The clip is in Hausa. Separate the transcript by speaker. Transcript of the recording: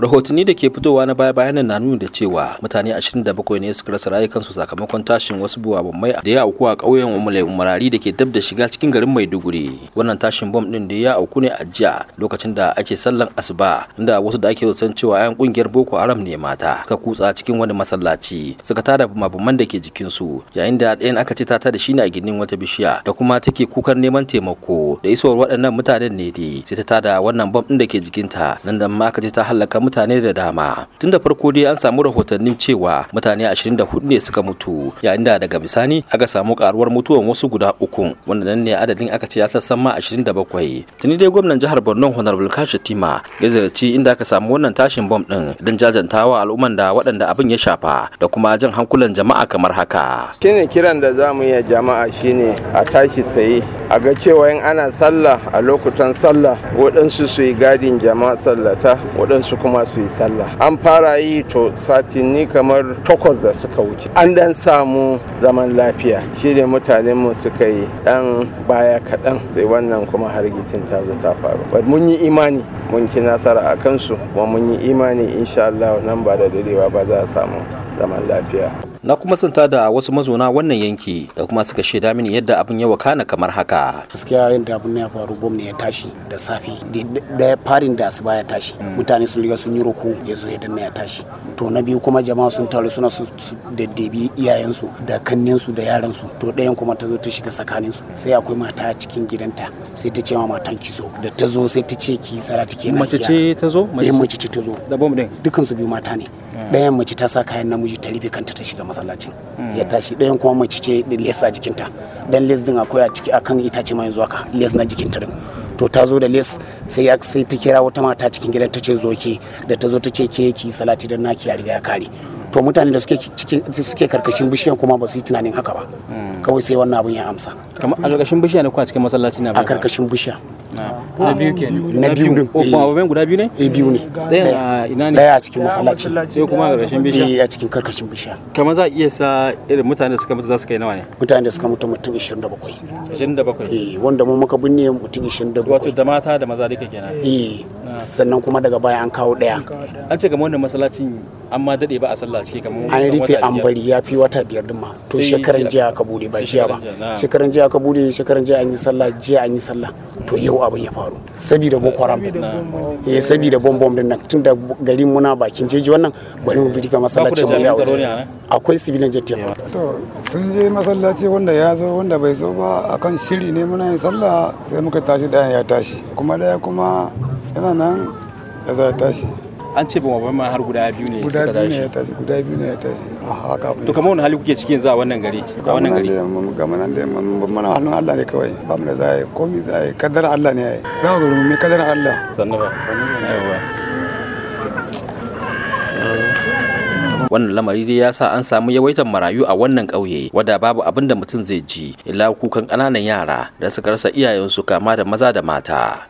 Speaker 1: rahotanni da ke fitowa na baya bayanan na nuna da cewa mutane 27 ne suka rasa su sakamakon tashin wasu buwaban mai da ya auku a ƙauyen umulai umarari da ke dab da shiga cikin garin maiduguri wannan tashin bom din da ya auku ne a jiya lokacin da ake sallan asuba inda wasu da ake zaton cewa yan kungiyar boko haram ne mata suka kutsa cikin wani masallaci suka tada mabumman da ke jikin su yayin da ɗayan aka ce ta tada shi ne a ginin wata bishiya da kuma take kukar neman taimako da isowar waɗannan mutanen ne dai sai ta tada wannan bom din da ke jikinta nan da ma aka ce ta halaka mutane da dama tun da farko dai an samu rahotannin cewa mutane 24 ne suka mutu yayin da daga bisani aka samu karuwar mutuwan wasu guda uku wanda nan ne adadin aka ce ya sassan ma 27 tuni dai gwamnan jihar borno honorable kashi tima ya ziyarci inda aka samu wannan tashin bom din don jajantawa al'umman da waɗanda abin ya shafa da kuma jan hankulan jama'a kamar
Speaker 2: haka kine kiran da zamu mu yi jama'a shine a tashi tsaye a ga cewa in ana sallah a lokutan sallah waɗansu su yi gadin jama'a sallata waɗansu kuma su yi sallah an fara yi to satinni kamar takwas da suka wuce an dan samu zaman lafiya shi ne mutanen mu suka yi dan baya kaɗan sai wannan kuma hargitsin ta zo ta faru mun yi imani mun ci nasara a kansu kuma mun yi imani insha Allah nan ba da dadewa ba za a samu zaman lafiya
Speaker 1: na kuma santa da wasu mazauna wannan yanki da kuma suka shaida mini yadda abin ya wakana kamar haka gaskiya yadda
Speaker 3: abin ya faru bom ne ya tashi da safe da farin da asuba ya tashi mm. mutane sun riga sun yi roko ya zo ya danna ya tashi to na biyu kuma jama'a sun taru suna su daddebi iyayensu da kanninsu da yaransu to ɗayan kuma ta zo ta shiga tsakaninsu sai akwai mata a cikin gidanta sai ta ce ma matan ki zo da ta zo sai ta ce ki tsara take mace ce ta zo eh, mace ce ta zo da bom din dukansu biyu mata ne mm. ɗayan mace ta sa kayan namiji ta rufe kanta ta shiga masallacin ya tashi ɗayan kuma mace ce da les a jikinta dan les din akwai a ciki akan itace mai yanzu haka les na jikinta din to ta zo da les sai ya sai ta kira wata mata cikin gidan ta ce zo ke da ta zo ta ce ke ki salati dan naki ya riga ya kare to mutane da suke cikin suke karkashin bishiyan kuma ba su yi tunanin haka ba kawai sai wannan abun ya amsa kamar a karkashin bishiya ne ko a cikin masallaci ne a karkashin bishiya
Speaker 1: Ah. na biyu ke ko kuma ababen guda biyu ne eh biyu ne daya ne a cikin masallaci sai kuma a ƙarshen eh a cikin
Speaker 3: karkashin bishiya
Speaker 1: kamar za a iya sa irin mutane da suka mutu za su kai nawa ne mutane da suka mutu mutum 27 27 eh wanda
Speaker 3: mu muka binne
Speaker 1: mutum 27 wato da mata da maza duka kenan eh sannan kuma daga baya an kawo daya. an ce kamar wannan masallacin an ma daɗe ba a sallah ciki kamar an rufe an bari
Speaker 3: ya fi wata biyar din ma to shekaran jiya ka bude ba jiya ba shekaran jiya ka bude shekaran jiya an yi sallah jiya an yi sallah to yau abin ya faru saboda boko haram eh saboda bombom din nan tunda garin muna bakin jeji wannan bari mu bi ga masallacin mu ya akwai sibilan jet to sun je masallaci wanda ya zo wanda bai zo ba akan shiri ne muna yin sallah sai muka tashi da ya tashi kuma ya kuma yana nan ya zo ya tashi an ce
Speaker 1: ba ma har guda biyu ne guda biyu ne ya tashi guda biyu ne ya tashi a haka to kamar wani hali kuke cikin za a wannan gari ga wannan gari ga manan da mana hannun Allah ne kawai ba mu da za yi komi za yi
Speaker 3: kadar Allah ne ya yi za ku rumi kadar Allah
Speaker 1: sannu ba wannan lamari dai ya sa an samu yawaitar marayu a wannan ƙauye wadda babu abin da mutum zai ji ila kukan ƙananan yara da suka rasa iyayensu kama da maza da mata